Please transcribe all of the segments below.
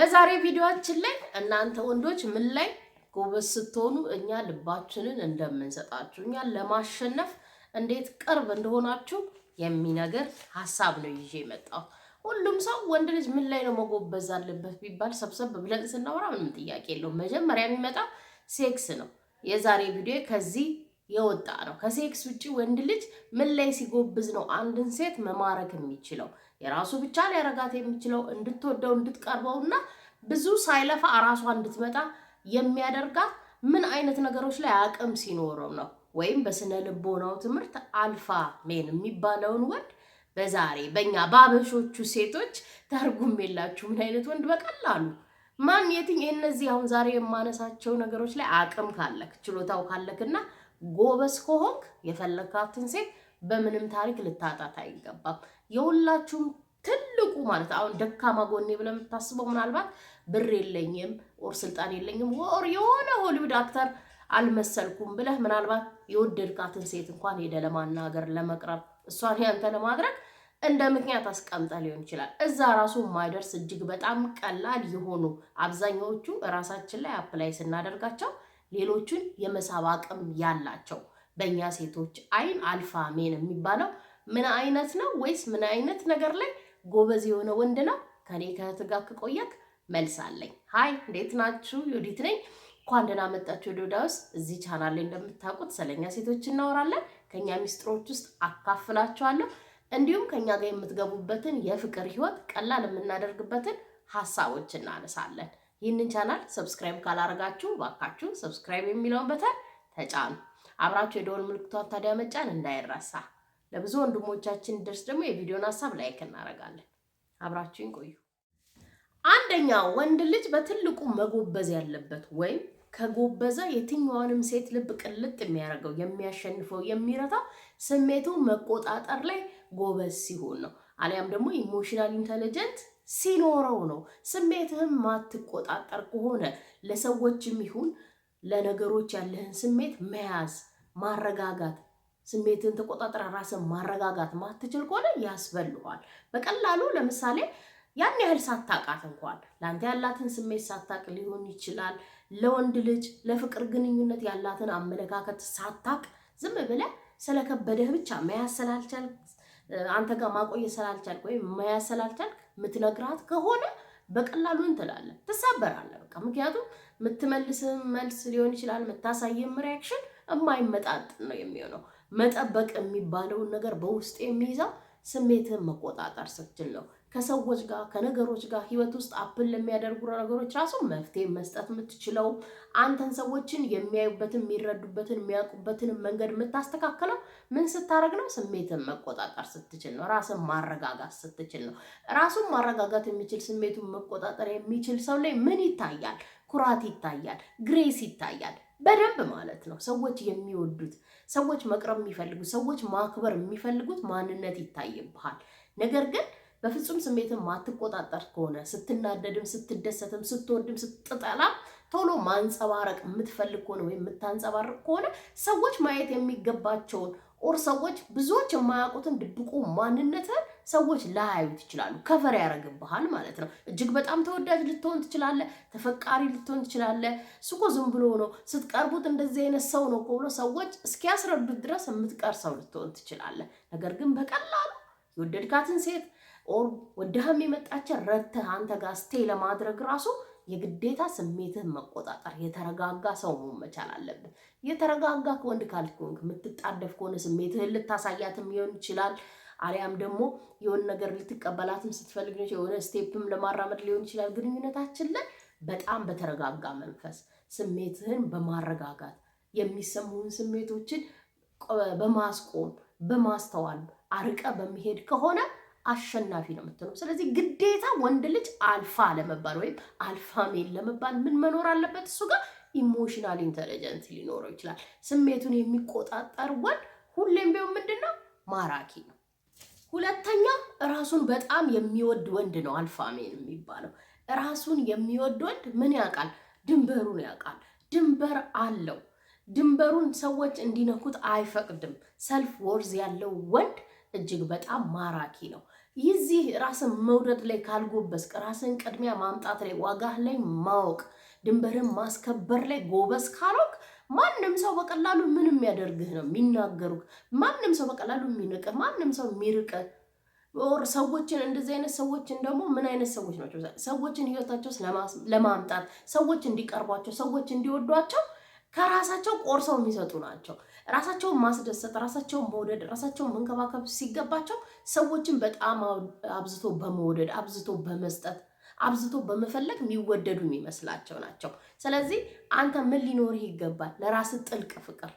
በዛሬ ቪዲዮአችን ላይ እናንተ ወንዶች ምን ላይ ጎበዝ ስትሆኑ እኛ ልባችንን እንደምንሰጣችሁ እኛ ለማሸነፍ እንዴት ቅርብ እንደሆናችሁ የሚነገር ሀሳብ ነው ይዤ የመጣው። ሁሉም ሰው ወንድ ልጅ ምን ላይ ነው መጎበዝ አለበት ቢባል ሰብሰብ ብለን ስናወራ ምንም ጥያቄ የለውም። መጀመሪያ የሚመጣው ሴክስ ነው። የዛሬ ቪዲዮ ከዚህ የወጣ ነው። ከሴክስ ውጭ ወንድ ልጅ ምን ላይ ሲጎብዝ ነው አንድን ሴት መማረክ የሚችለው? የራሱ ብቻ ሊያረጋት የሚችለው እንድትወደው እንድትቀርበውና ብዙ ሳይለፋ እራሷ እንድትመጣ የሚያደርጋት ምን አይነት ነገሮች ላይ አቅም ሲኖረው ነው? ወይም በስነ ልቦናው ትምህርት አልፋ ሜን የሚባለውን ወንድ በዛሬ በእኛ በአበሾቹ ሴቶች ተርጉም የላችሁ ምን አይነት ወንድ በቀላሉ ማን የትኝ እነዚህ አሁን ዛሬ የማነሳቸው ነገሮች ላይ አቅም ካለክ ችሎታው ካለክና ጎበዝ ከሆንክ የፈለካትን ሴት በምንም ታሪክ ልታጣት አይገባም። የሁላችሁም ትልቁ ማለት አሁን ደካማ ጎኔ ብለ የምታስበው ምናልባት ብር የለኝም ኦር ስልጣን የለኝም ኦር የሆነ ሆሊውድ አክተር አልመሰልኩም ብለህ ምናልባት የወደድካትን ሴት እንኳን ሄደ ለማናገር ለመቅረብ እሷን ያንተ ለማድረግ እንደ ምክንያት አስቀምጠ ሊሆን ይችላል። እዛ ራሱ ማይደርስ እጅግ በጣም ቀላል የሆኑ አብዛኛዎቹ ራሳችን ላይ አፕላይ ስናደርጋቸው ሌሎቹን የመሳብ አቅም ያላቸው በእኛ ሴቶች አይን አልፋ ሜን የሚባለው ምን አይነት ነው ወይስ ምን አይነት ነገር ላይ ጎበዝ የሆነ ወንድ ነው? ከኔ ከእህት ጋር ከቆየክ መልስ አለኝ። ሀይ እንዴት ናችሁ? ዮዲት ነኝ። እንኳን ደህና መጣችሁ ዶዳ ውስጥ። እዚህ ቻናል ላይ እንደምታውቁት ስለኛ ሴቶች እናወራለን። ከኛ ሚስጥሮች ውስጥ አካፍላችኋለሁ። እንዲሁም ከኛ ጋር የምትገቡበትን የፍቅር ህይወት ቀላል የምናደርግበትን ሀሳቦች እናነሳለን። ይህንን ቻናል ሰብስክራይብ ካላደረጋችሁ ባካችሁ ሰብስክራይብ የሚለውን በተን ተጫኑ። አብራችሁ የደወል ምልክቷን ታዲያ መጫን እንዳይረሳ። ለብዙ ወንድሞቻችን ድርስ ደግሞ የቪዲዮን ሀሳብ ላይክ እናደርጋለን። አብራችሁን ቆዩ። አንደኛ ወንድ ልጅ በትልቁ መጎበዝ ያለበት ወይም ከጎበዘ የትኛዋንም ሴት ልብ ቅልጥ የሚያደርገው የሚያሸንፈው፣ የሚረታው ስሜቱ መቆጣጠር ላይ ጎበዝ ሲሆን ነው። አሊያም ደግሞ ኢሞሽናል ኢንተለጀንት ሲኖረው ነው። ስሜትህን ማትቆጣጠር ከሆነ ለሰዎችም ይሁን ለነገሮች ያለህን ስሜት መያዝ ማረጋጋት ስሜትን ተቆጣጠረ ራስን ማረጋጋት ማትችል ከሆነ ያስበልዋል። በቀላሉ ለምሳሌ ያን ያህል ሳታቃት እንኳን ለአንተ ያላትን ስሜት ሳታቅ ሊሆን ይችላል። ለወንድ ልጅ ለፍቅር ግንኙነት ያላትን አመለካከት ሳታቅ ዝም ብለህ ስለከበደህ ብቻ መያዝ ስላልቻልክ፣ አንተ ጋር ማቆየት ስላልቻልክ ወይም መያዝ ስላልቻልክ የምትነግራት ከሆነ በቀላሉ እንትላለን ትሳበራለህ። በቃ ምክንያቱም የምትመልስህም መልስ ሊሆን ይችላል፣ የምታሳይህም ሪያክሽን የማይመጣጥ ነው የሚሆነው። መጠበቅ የሚባለውን ነገር በውስጥ የሚይዛ ስሜትን መቆጣጠር ስትችል ነው። ከሰዎች ጋር ከነገሮች ጋር ህይወት ውስጥ አፕል ለሚያደርጉ ነገሮች ራሱ መፍትሄ መስጠት የምትችለው አንተን ሰዎችን የሚያዩበትን የሚረዱበትን የሚያውቁበትን መንገድ የምታስተካከለው ምን ስታደርግ ነው? ስሜትን መቆጣጠር ስትችል ነው። ራስን ማረጋጋት ስትችል ነው። ራሱን ማረጋጋት የሚችል ስሜቱን መቆጣጠር የሚችል ሰው ላይ ምን ይታያል? ኩራት ይታያል፣ ግሬስ ይታያል። በደንብ ማለት ነው። ሰዎች የሚወዱት ሰዎች መቅረብ የሚፈልጉት ሰዎች ማክበር የሚፈልጉት ማንነት ይታይብሃል። ነገር ግን በፍጹም ስሜትን ማትቆጣጠር ከሆነ ስትናደድም፣ ስትደሰትም፣ ስትወድም፣ ስትጠላ ቶሎ ማንጸባረቅ የምትፈልግ ከሆነ ወይም የምታንጸባርቅ ከሆነ ሰዎች ማየት የሚገባቸውን ኦር ሰዎች ብዙዎች የማያውቁትን ድብቁ ማንነትን ሰዎች ላያዩት ይችላሉ። ከቨር ያደረግብሃል ማለት ነው። እጅግ በጣም ተወዳጅ ልትሆን ትችላለህ። ተፈቃሪ ልትሆን ትችላለህ። ስኮ ዝም ብሎ ነው ስትቀርቡት እንደዚህ አይነት ሰው ነው ብሎ ሰዎች እስኪያስረዱት ድረስ የምትቀር ሰው ልትሆን ትችላለህ። ነገር ግን በቀላሉ የወደድካትን ሴት ኦር ወደህም የመጣችን ረድተህ አንተ ጋር ስቴ ለማድረግ ራሱ የግዴታ ስሜትህን መቆጣጠር የተረጋጋ ሰው መሆን መቻል አለብህ። የተረጋጋ ወንድ ካልሆንክ የምትጣደፍ ከሆነ ስሜትህን ልታሳያትም ሊሆን ይችላል። አሊያም ደግሞ የሆን ነገር ልትቀበላትም ስትፈልግ የሆነ ስቴፕም ለማራመድ ሊሆን ይችላል። ግንኙነታችን ላይ በጣም በተረጋጋ መንፈስ ስሜትህን በማረጋጋት የሚሰሙህን ስሜቶችን በማስቆም በማስተዋል አርቀ በመሄድ ከሆነ አሸናፊ ነው የምትሆነው። ስለዚህ ግዴታ ወንድ ልጅ አልፋ ለመባል ወይም አልፋ ሜል ለመባል ምን መኖር አለበት? እሱ ጋር ኢሞሽናል ኢንተለጀንስ ሊኖረው ይችላል። ስሜቱን የሚቆጣጠር ወንድ ሁሌም ቢሆን ምንድን ነው ማራኪ ነው። ሁለተኛም ራሱን በጣም የሚወድ ወንድ ነው አልፋ ሜል የሚባለው። ራሱን የሚወድ ወንድ ምን ያውቃል? ድንበሩን ያውቃል። ድንበር አለው። ድንበሩን ሰዎች እንዲነኩት አይፈቅድም። ሰልፍ ወርዝ ያለው ወንድ እጅግ በጣም ማራኪ ነው። ይዚህ ራስን መውደድ ላይ ካልጎበስክ፣ ራስን ቅድሚያ ማምጣት ላይ፣ ዋጋህ ላይ ማወቅ፣ ድንበርን ማስከበር ላይ ጎበስ ካልሆንክ ማንም ሰው በቀላሉ ምን የሚያደርግህ ነው የሚናገሩህ። ማንም ሰው በቀላሉ የሚንቅህ፣ ማንም ሰው የሚርቅህ ኦር ሰዎችን እንደዚህ አይነት ሰዎችን ደግሞ ምን አይነት ሰዎች ናቸው? ሰዎችን ህይወታቸው ለማምጣት ሰዎች እንዲቀርቧቸው ሰዎች እንዲወዷቸው ከራሳቸው ቆርሰው የሚሰጡ ናቸው። ራሳቸውን ማስደሰት፣ ራሳቸውን መውደድ፣ ራሳቸውን መንከባከብ ሲገባቸው ሰዎችን በጣም አብዝቶ በመውደድ አብዝቶ በመስጠት አብዝቶ በመፈለግ የሚወደዱ የሚመስላቸው ናቸው። ስለዚህ አንተ ምን ሊኖርህ ይገባል? ለራስ ጥልቅ ፍቅር።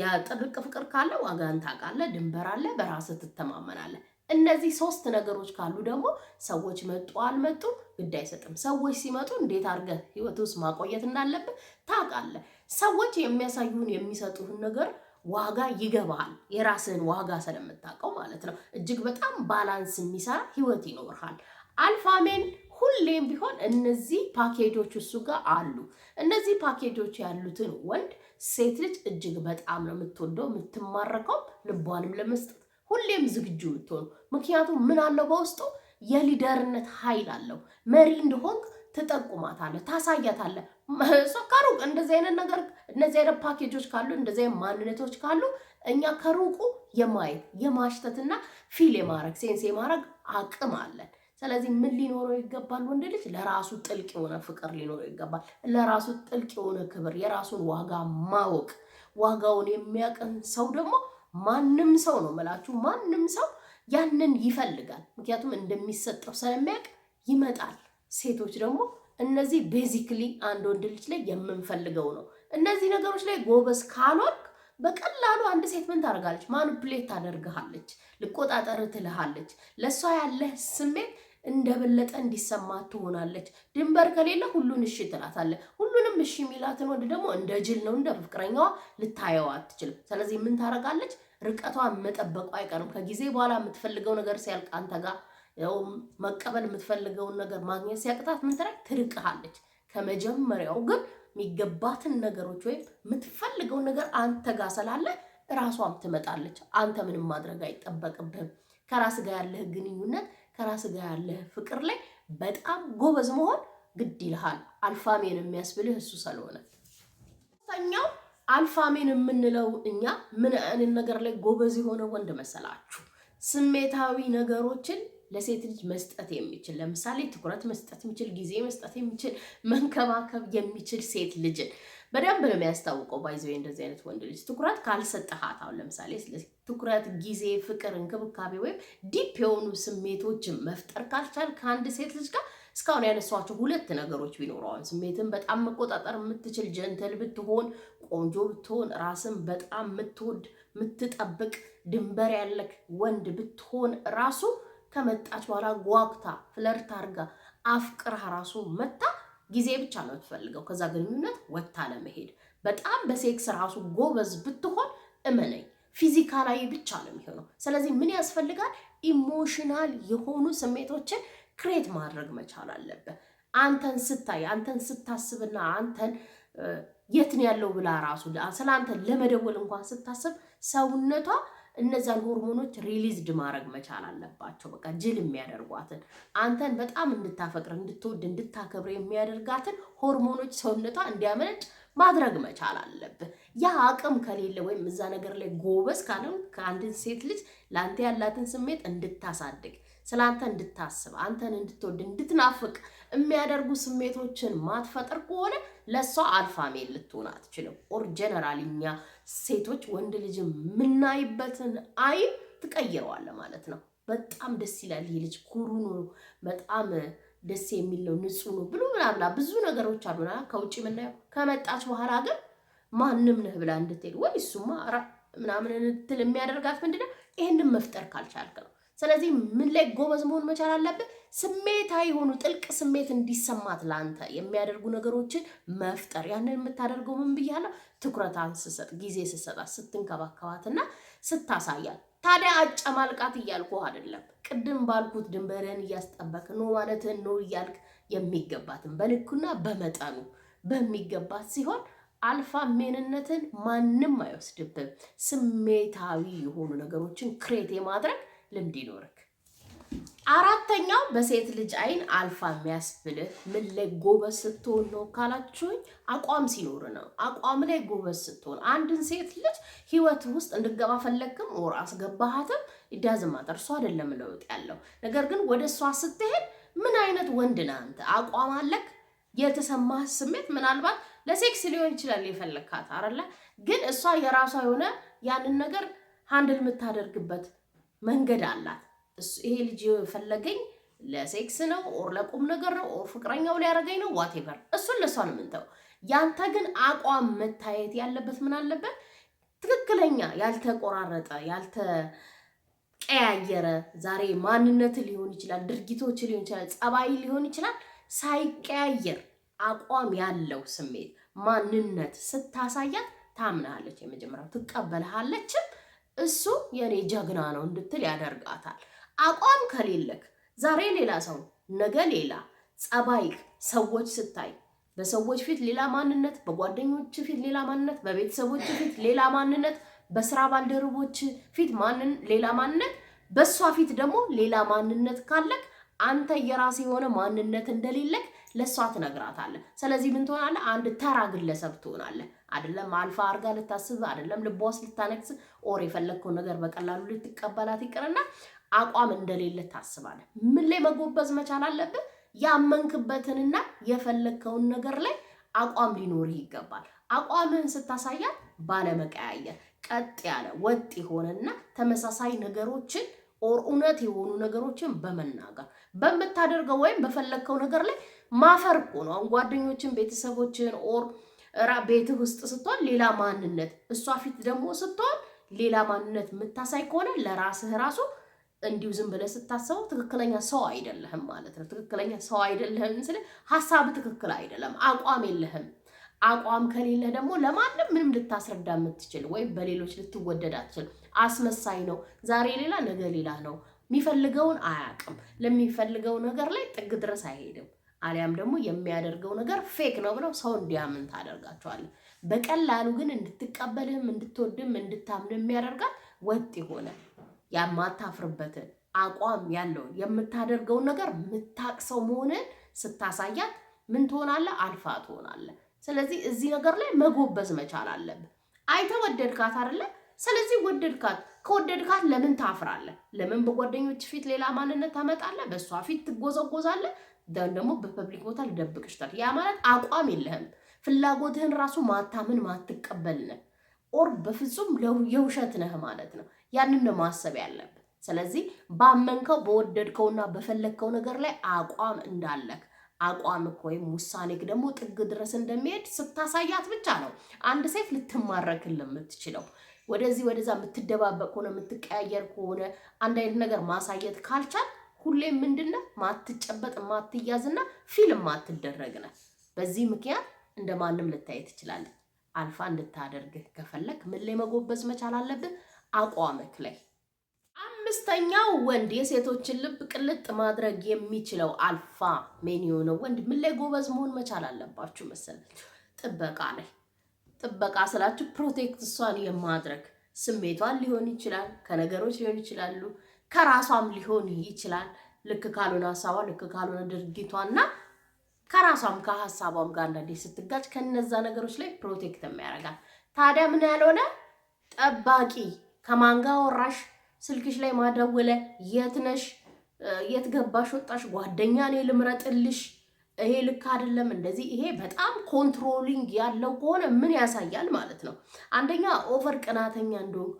የጥልቅ ፍቅር ካለ ዋጋህን ታውቃለህ፣ ድንበር አለ፣ ትተማመናለ ትተማመናለህ። እነዚህ ሶስት ነገሮች ካሉ ደግሞ ሰዎች መጡ አልመጡ ግድ አይሰጥም። ሰዎች ሲመጡ እንዴት አድርገህ ህይወት ውስጥ ማቆየት እንዳለብህ ታውቃለህ። ሰዎች የሚያሳዩን የሚሰጡህን ነገር ዋጋ ይገባል የራስህን ዋጋ ስለምታውቀው ማለት ነው። እጅግ በጣም ባላንስ የሚሰራ ህይወት ይኖርሃል። አልፋሜን ሁሌም ቢሆን እነዚህ ፓኬጆች እሱ ጋር አሉ። እነዚህ ፓኬጆች ያሉትን ወንድ ሴት ልጅ እጅግ በጣም ነው የምትወደው የምትማረከው፣ ልቧንም ለመስጠት ሁሌም ዝግጁ የምትሆኑ ምክንያቱም ምን አለው በውስጡ የሊደርነት ኃይል አለው። መሪ እንደሆንክ ትጠቁማታለህ፣ ታሳያታለህ። እሷ ከሩቅ እንደዚህ አይነት ነገር እነዚህ አይነት ፓኬጆች ካሉ እንደዚህ አይነት ማንነቶች ካሉ እኛ ከሩቁ የማየት የማሽተትና ፊል የማድረግ ሴንስ የማድረግ አቅም አለን። ስለዚህ ምን ሊኖረው ይገባል? ወንድ ልጅ ለራሱ ጥልቅ የሆነ ፍቅር ሊኖረው ይገባል። ለራሱ ጥልቅ የሆነ ክብር፣ የራሱን ዋጋ ማወቅ። ዋጋውን የሚያቀን ሰው ደግሞ ማንም ሰው ነው የምላችሁ፣ ማንም ሰው ያንን ይፈልጋል። ምክንያቱም እንደሚሰጠው ስለሚያውቅ ይመጣል። ሴቶች ደግሞ እነዚህ ቤዚክሊ አንድ ወንድ ልጅ ላይ የምንፈልገው ነው። እነዚህ ነገሮች ላይ ጎበዝ ካልሆንክ በቀላሉ አንድ ሴት ምን ታደርጋለች? ማኑፕሌት ታደርግሃለች፣ ልቆጣጠር ትልሃለች። ለእሷ ያለህ ስሜት እንደበለጠ እንዲሰማ ትሆናለች። ድንበር ከሌለ ሁሉን እሺ ትላታለህ። ሁሉንም እሺ የሚላትን ወንድ ደግሞ እንደ ጅል ነው እንደ ፍቅረኛዋ ልታየዋ አትችልም። ስለዚህ ምን ታደርጋለች? ርቀቷን መጠበቋ አይቀርም። ከጊዜ በኋላ የምትፈልገው ነገር ሲያልቅ አንተ ጋር ያው መቀበል የምትፈልገውን ነገር ማግኘት ሲያቅታት ምን ትላል? ትርቅሃለች። ከመጀመሪያው ግን የሚገባትን ነገሮች ወይም የምትፈልገውን ነገር አንተ ጋር ስላለ ራሷም ትመጣለች። አንተ ምንም ማድረግ አይጠበቅብህም። ከራስ ጋር ያለህ ግንኙነት ከራስ ጋር ያለህ ፍቅር ላይ በጣም ጎበዝ መሆን ግድ ይልሃል። አልፋሜን የሚያስብልህ እሱ ስለሆነ ሶስተኛው አልፋሜን የምንለው እኛ ምን አይነት ነገር ላይ ጎበዝ የሆነ ወንድ መሰላችሁ? ስሜታዊ ነገሮችን ለሴት ልጅ መስጠት የሚችል ለምሳሌ ትኩረት መስጠት የሚችል ጊዜ መስጠት የሚችል መንከባከብ የሚችል ሴት ልጅን በደንብ ነው የሚያስታውቀው። ባይዘ እንደዚህ አይነት ወንድ ልጅ ትኩረት ካልሰጠሃት፣ አሁን ለምሳሌ ትኩረት፣ ጊዜ፣ ፍቅር፣ እንክብካቤ ወይም ዲፕ የሆኑ ስሜቶችን መፍጠር ካልቻል ከአንድ ሴት ልጅ ጋር እስካሁን ያነሷቸው ሁለት ነገሮች ቢኖረዋል። ስሜትን በጣም መቆጣጠር የምትችል ጀንተል ብትሆን፣ ቆንጆ ብትሆን፣ ራስን በጣም የምትወድ የምትጠብቅ ድንበር ያለክ ወንድ ብትሆን ራሱ ከመጣች በኋላ ጓግታ ፍለርት አርጋ አፍቅራ ራሱ መታ ጊዜ ብቻ ነው የምትፈልገው። ከዛ ግንኙነት ወጥታ ለመሄድ በጣም በሴክስ ራሱ ጎበዝ ብትሆን እመነኝ ፊዚካላዊ ብቻ ነው የሚሆነው። ስለዚህ ምን ያስፈልጋል? ኢሞሽናል የሆኑ ስሜቶችን ክሬት ማድረግ መቻል አለብህ። አንተን ስታይ አንተን ስታስብና አንተን የትን ያለው ብላ ራሱ ስለ አንተን ለመደወል እንኳን ስታስብ ሰውነቷ እነዛን ሆርሞኖች ሪሊዝድ ማድረግ መቻል አለባቸው። በቃ ጅል የሚያደርጓትን አንተን በጣም እንድታፈቅር፣ እንድትወድ፣ እንድታከብር የሚያደርጋትን ሆርሞኖች ሰውነቷ እንዲያመነጭ ማድረግ መቻል አለብህ። ያ አቅም ከሌለ ወይም እዛ ነገር ላይ ጎበዝ ካለም ከአንድን ሴት ልጅ ለአንተ ያላትን ስሜት እንድታሳድግ፣ ስለ አንተ እንድታስብ፣ አንተን እንድትወድ፣ እንድትናፍቅ የሚያደርጉ ስሜቶችን ማትፈጥር ከሆነ ለእሷ አልፋሜል ልትሆን አትችልም። ኦር ጀነራል እኛ ሴቶች ወንድ ልጅ የምናይበትን አይን ትቀይረዋለ ማለት ነው። በጣም ደስ ይላል። ይህ ልጅ ኩሩ ነው፣ በጣም ደስ የሚለው ንጹህ ነው ብሎ ምናምና ብዙ ነገሮች አሉ ከውጭ የምናየው። ከመጣች በኋላ ግን ማንም ነህ ብላ እንድትሄድ ወይ እሱማ ምናምን እንድትል የሚያደርጋት ምንድነው? ይህንን መፍጠር ካልቻልክ ነው። ስለዚህ ምን ላይ ጎበዝ መሆን መቻል አለብን? ስሜታዊ የሆኑ ጥልቅ ስሜት እንዲሰማት ለአንተ የሚያደርጉ ነገሮችን መፍጠር። ያንን የምታደርገው ምን ብያለሁ? ትኩረታን ስትሰጥ፣ ጊዜ ስትሰጣት፣ ስትንከባከባትና ስታሳያት። ታዲያ አጨማልቃት እያልኩ አይደለም። ቅድም ባልኩት ድንበርህን እያስጠበቅ ኖ ማለትህን ኖ እያልክ የሚገባትን በልኩና በመጠኑ በሚገባት ሲሆን አልፋ ሜንነትን ማንም አይወስድብም። ስሜታዊ የሆኑ ነገሮችን ክሬት የማድረግ ልምድ ይኖርክ። አራተኛው በሴት ልጅ አይን አልፋ የሚያስብልህ ምን ላይ ጎበዝ ስትሆን ነው ካላችሁኝ፣ አቋም ሲኖር ነው። አቋም ላይ ጎበዝ ስትሆን አንድን ሴት ልጅ ህይወት ውስጥ እንድገባ ፈለግክም ወር አስገባሃትም ይዳዝማ ጠርሶ አይደለም ለውጥ ያለው ነገር ግን ወደ እሷ ስትሄድ ምን አይነት ወንድ ነህ አንተ? አቋም አለክ? የተሰማህ ስሜት ምናልባት ለሴክስ ሊሆን ይችላል የፈለግካት አይደለ? ግን እሷ የራሷ የሆነ ያንን ነገር ሀንድል የምታደርግበት መንገድ አላት። ይሄ ልጅ ፈለገኝ ለሴክስ ነው ኦር ለቁም ነገር ነው ኦር ፍቅረኛው ሊያደርገኝ ነው ዋቴቨር፣ እሱን ለሷ ነው የምንተው። ያንተ ግን አቋም መታየት ያለበት ምን አለበት ትክክለኛ ያልተቆራረጠ ያልተቀያየረ ዛሬ ማንነት ሊሆን ይችላል፣ ድርጊቶች ሊሆን ይችላል፣ ጸባይ ሊሆን ይችላል። ሳይቀያየር አቋም ያለው ስሜት ማንነት ስታሳያት ታምናለች። የመጀመሪያው ትቀበልሃለችም እሱ የኔ ጀግና ነው እንድትል ያደርጋታል። አቋም ከሌለክ ዛሬ ሌላ ሰው ነገ ሌላ ጸባይክ ሰዎች ስታይ በሰዎች ፊት ሌላ ማንነት፣ በጓደኞች ፊት ሌላ ማንነት፣ በቤተሰቦች ፊት ሌላ ማንነት፣ በስራ ባልደረቦች ፊት ማንን ሌላ ማንነት፣ በእሷ ፊት ደግሞ ሌላ ማንነት ካለክ አንተ የራስ የሆነ ማንነት እንደሌለክ ለእሷ ትነግራታለህ። ስለዚህ ምን ትሆናለህ? አንድ ተራ ግለሰብ ትሆናለህ። አይደለም አልፋ አርጋ ልታስብ አይደለም ልቧ ውስጥ ልታነግስ ኦር የፈለግከው ነገር በቀላሉ ልትቀበላት ይቅርና አቋም እንደሌለ ታስባለ። ምን ላይ መጎበዝ መቻል አለብህ? ያመንክበትንና የፈለግከውን ነገር ላይ አቋም ሊኖርህ ይገባል። አቋምህን ስታሳያት ባለመቀያየር ቀጥ ያለ ወጥ የሆነና ተመሳሳይ ነገሮችን ኦር እውነት የሆኑ ነገሮችን በመናገር በምታደርገው ወይም በፈለግከው ነገር ላይ ማፈር እኮ ነው። አሁን ጓደኞችን፣ ቤተሰቦችን ኦር ቤትህ ውስጥ ስትሆን ሌላ ማንነት፣ እሷ ፊት ደግሞ ስትሆን ሌላ ማንነት የምታሳይ ከሆነ ለራስህ ራሱ እንዲሁ ዝም ብለህ ስታስበው ትክክለኛ ሰው አይደለህም ማለት ነው። ትክክለኛ ሰው አይደለህም ስል ሀሳብ ትክክል አይደለም፣ አቋም የለህም። አቋም ከሌለህ ደግሞ ለማንም ምንም ልታስረዳ የምትችል ወይም በሌሎች ልትወደድ አትችል። አስመሳይ ነው፣ ዛሬ ሌላ ነገ ሌላ ነው። የሚፈልገውን አያውቅም። ለሚፈልገው ነገር ላይ ጥግ ድረስ አይሄድም። አሊያም ደግሞ የሚያደርገው ነገር ፌክ ነው ብለው ሰው እንዲያምን ታደርጋቸዋለህ። በቀላሉ ግን እንድትቀበልህም እንድትወድም እንድታምን የሚያደርጋት ወጥ የሆነ የማታፍርበትን አቋም ያለውን የምታደርገውን ነገር የምታቅሰው መሆንን ስታሳያት ምን ትሆናለህ? አልፋ ትሆናለህ። ስለዚህ እዚህ ነገር ላይ መጎበዝ መቻል አለብህ። አይተወደድካት ወደድካት ስለዚህ ወደድካት። ከወደድካት ለምን ታፍራለህ? ለምን በጓደኞች ፊት ሌላ ማንነት ታመጣለህ? በእሷ ፊት ትጎዘጎዛለህ። ደግሞ በፐብሊክ ቦታ ልደብቅሽታል። ያ ማለት አቋም የለህም። ፍላጎትህን ራሱ ማታምን ማትቀበል ነህ፣ ኦር በፍጹም የውሸት ነህ ማለት ነው። ያንን ማሰብ ያለብህ። ስለዚህ ባመንከው በወደድከውና በፈለግከው ነገር ላይ አቋም እንዳለክ አቋምክ ወይም ውሳኔክ ደግሞ ጥግ ድረስ እንደሚሄድ ስታሳያት ብቻ ነው አንድ ሴት ልትማረክል የምትችለው። ወደዚህ ወደዛ የምትደባበቅ ከሆነ የምትቀያየር ከሆነ አንድ አይነት ነገር ማሳየት ካልቻል ሁሌም ምንድነ ማትጨበጥ ማትያዝና ፊልም ማትደረግነ በዚህ ምክንያት እንደ ማንም ልታይ ትችላለህ። አልፋ እንድታደርግህ ከፈለግ ምን ላይ መጎበዝ መቻል አለብህ? አቋምክ ላይ። አምስተኛው ወንድ የሴቶችን ልብ ቅልጥ ማድረግ የሚችለው አልፋ ሜን የሆነው ወንድ ምን ላይ ጎበዝ መሆን መቻል አለባችሁ መሰለች? ጥበቃ ላይ ጥበቃ ስላችሁ ፕሮቴክት እሷን የማድረግ ስሜቷን ሊሆን ይችላል፣ ከነገሮች ሊሆን ይችላሉ፣ ከራሷም ሊሆን ይችላል። ልክ ካልሆነ ሀሳቧ፣ ልክ ካልሆነ ድርጊቷ እና ከራሷም ከሀሳቧም ጋር አንዳንዴ ስትጋጭ ከነዛ ነገሮች ላይ ፕሮቴክት የሚያደርጋል። ታዲያ ምን ያልሆነ ጠባቂ ከማንጋ ወራሽ ስልክሽ ላይ ማደወለ፣ የት ነሽ፣ የት ገባሽ፣ ወጣሽ፣ ጓደኛ እኔ ልምረጥልሽ ይሄ ልክ አይደለም፣ እንደዚህ ይሄ በጣም ኮንትሮሊንግ ያለው ከሆነ ምን ያሳያል ማለት ነው? አንደኛ ኦቨር ቅናተኛ እንደሆን፣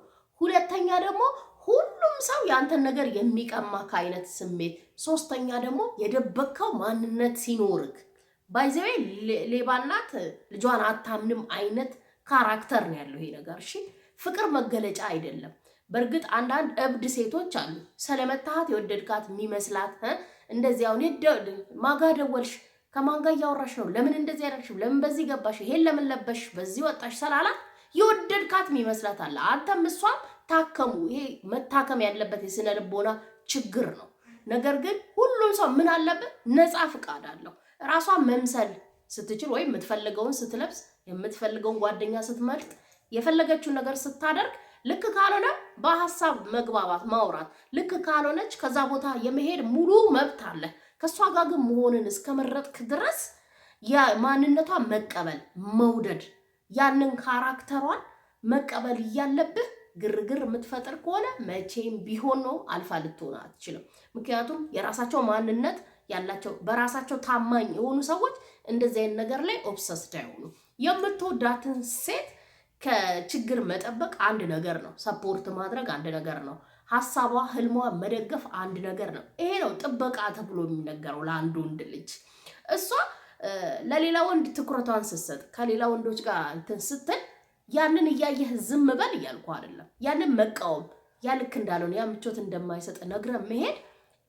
ሁለተኛ ደግሞ ሁሉም ሰው ያንተን ነገር የሚቀማህ አይነት ስሜት፣ ሶስተኛ ደግሞ የደበቅከው ማንነት ሲኖርክ ባይዘዌ ሌባናት ልጇን አታምንም አይነት ካራክተር ነው ያለው ይሄ ነገር። እሺ ፍቅር መገለጫ አይደለም። በእርግጥ አንዳንድ እብድ ሴቶች አሉ። ስለመታሃት የወደድካት የሚመስላት እንደዚያውን ማጋ ደወልሽ ከማን ጋር እያወራሽ ነው? ለምን እንደዚህ ያደረግሽው? ለምን በዚህ ገባሽ? ይሄን ለምን ለበሽ? በዚህ ወጣሽ ስላላት የወደድካት ይመስላታል። አንተም እሷም ታከሙ። ይሄ መታከም ያለበት የስነ ልቦና ችግር ነው። ነገር ግን ሁሉም ሰው ምን አለበት? ነፃ ፍቃድ አለው። ራሷን መምሰል ስትችል ወይም የምትፈልገውን ስትለብስ፣ የምትፈልገውን ጓደኛ ስትመርጥ፣ የፈለገችውን ነገር ስታደርግ ልክ ካልሆነ በሀሳብ መግባባት ማውራት፣ ልክ ካልሆነች ከዛ ቦታ የመሄድ ሙሉ መብት አለ። ከእሷ ጋር ግን መሆንን እስከመረጥክ ድረስ የማንነቷን መቀበል መውደድ፣ ያንን ካራክተሯን መቀበል እያለብህ ግርግር የምትፈጥር ከሆነ መቼም ቢሆን ነው አልፋ ልትሆን አትችልም። ምክንያቱም የራሳቸው ማንነት ያላቸው በራሳቸው ታማኝ የሆኑ ሰዎች እንደዚህ አይነት ነገር ላይ ኦብሰስድ አይሆኑ። የምትወዳትን ሴት ከችግር መጠበቅ አንድ ነገር ነው። ሰፖርት ማድረግ አንድ ነገር ነው። ሀሳቧ፣ ህልሟ መደገፍ አንድ ነገር ነው። ይሄ ነው ጥበቃ ተብሎ የሚነገረው ለአንድ ወንድ ልጅ። እሷ ለሌላ ወንድ ትኩረቷን ስትሰጥ፣ ከሌላ ወንዶች ጋር እንትን ስትል ያንን እያየህ ዝም በል እያልኩ አይደለም። ያንን መቃወም ያ ልክ እንዳልሆነ ያ ምቾት እንደማይሰጥ ነግረ መሄድ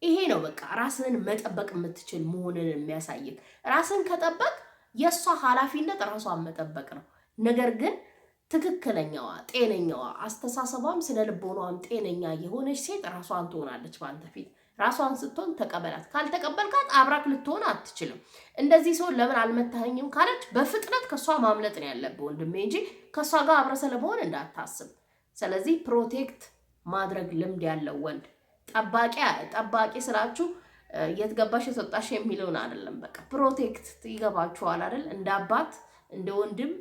ይሄ ነው በቃ ራስን መጠበቅ የምትችል መሆንን የሚያሳይት ራስን ከጠበቅ የእሷ ኃላፊነት ራሷን መጠበቅ ነው። ነገር ግን ትክክለኛዋ ጤነኛዋ አስተሳሰቧም ስነ ልቦኗም ጤነኛ የሆነች ሴት ራሷን ትሆናለች በአንተ ፊት። ራሷን ስትሆን ተቀበላት። ካልተቀበልካት አብራክ ልትሆን አትችልም። እንደዚህ ሰው ለምን አልመታኸኝም ካለች በፍጥነት ከእሷ ማምለጥ ነው ያለብህ ወንድሜ እንጂ ከእሷ ጋር አብረሰ ለመሆን እንዳታስብ። ስለዚህ ፕሮቴክት ማድረግ ልምድ ያለው ወንድ ጠባቂ ጠባቂ ስላችሁ የት ገባሽ የት ወጣሽ የሚለውን አይደለም። በቃ ፕሮቴክት ይገባችኋል አይደል? እንደ አባት እንደ ወንድም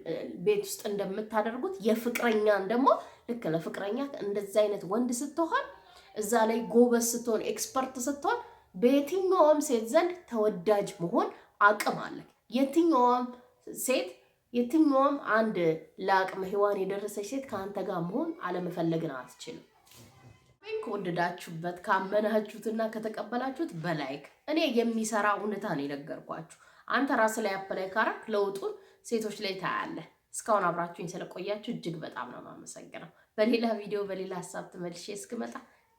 ቤት ውስጥ እንደምታደርጉት የፍቅረኛን ደግሞ ልክ ለፍቅረኛ እንደዚ አይነት ወንድ ስትሆን እዛ ላይ ጎበዝ ስትሆን ኤክስፐርት ስትሆን በየትኛውም ሴት ዘንድ ተወዳጅ መሆን አቅም አለ። የትኛውም ሴት የትኛውም አንድ ለአቅመ ሔዋን የደረሰች ሴት ከአንተ ጋር መሆን አለመፈለግን አትችልም። ወይም ከወደዳችሁበት ካመናችሁትና ከተቀበላችሁት በላይክ እኔ የሚሰራ እውነታ ነው የነገርኳችሁ። አንተ ራስ ላይ አፕላይ ካረክ ለውጡን ሴቶች ላይ ታያለ። እስካሁን አብራችሁኝ ስለቆያችሁ እጅግ በጣም ነው የማመሰግነው። በሌላ ቪዲዮ በሌላ ሀሳብ ተመልሼ እስክመጣ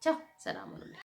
ቻው፣ ሰላም ሁኑልኝ።